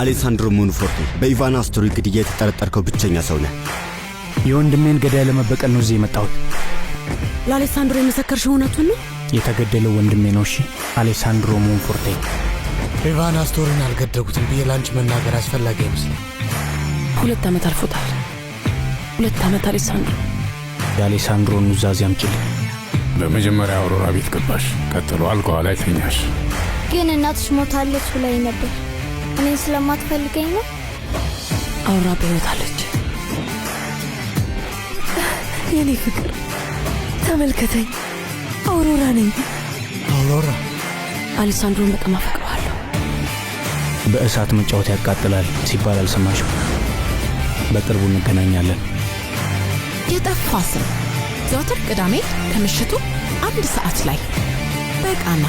አሌሳንድሮ ሞንፎርቴ፣ በኢቫን አስቶሪ ግድያ የተጠረጠርከው ብቸኛ ሰው ነህ። የወንድሜን ገዳይ ለመበቀል ነው እዚህ የመጣሁት። ለአሌሳንድሮ የመሰከርሽ እውነቱን ነው? የተገደለው ወንድሜ ነው። እሺ፣ አሌሳንድሮ ሞንፎርቴ። ኢቫን አስቶሪን አልገደልኩትም ብዬ ለአንቺ መናገር አስፈላጊ አይመስልም። ሁለት ዓመት አልፎታል። ሁለት ዓመት አሌሳንድሮ። የአሌሳንድሮን ኑዛዜ አምጪልኝ። በመጀመሪያ አውሮራ ቤት ገባሽ፣ ቀጥሎ አልጋዋ ላይ ተኛሽ። ግን እናትሽ ሞታለች ብላኝ ነበር። እኔ ስለማትፈልገኝ ነው። አውራ በህይወታለች። የኔ ፍቅር ተመልከተኝ፣ አውሮራ ነኝ። አውሮራ አሌሳንድሮን በጣም አፈቅረዋለሁ። በእሳት መጫወት ያቃጥላል ሲባል አልሰማሽ በቅርቡ እንገናኛለን። የጠፋ ስም ዘወትር ቅዳሜ ከምሽቱ አንድ ሰዓት ላይ በቃና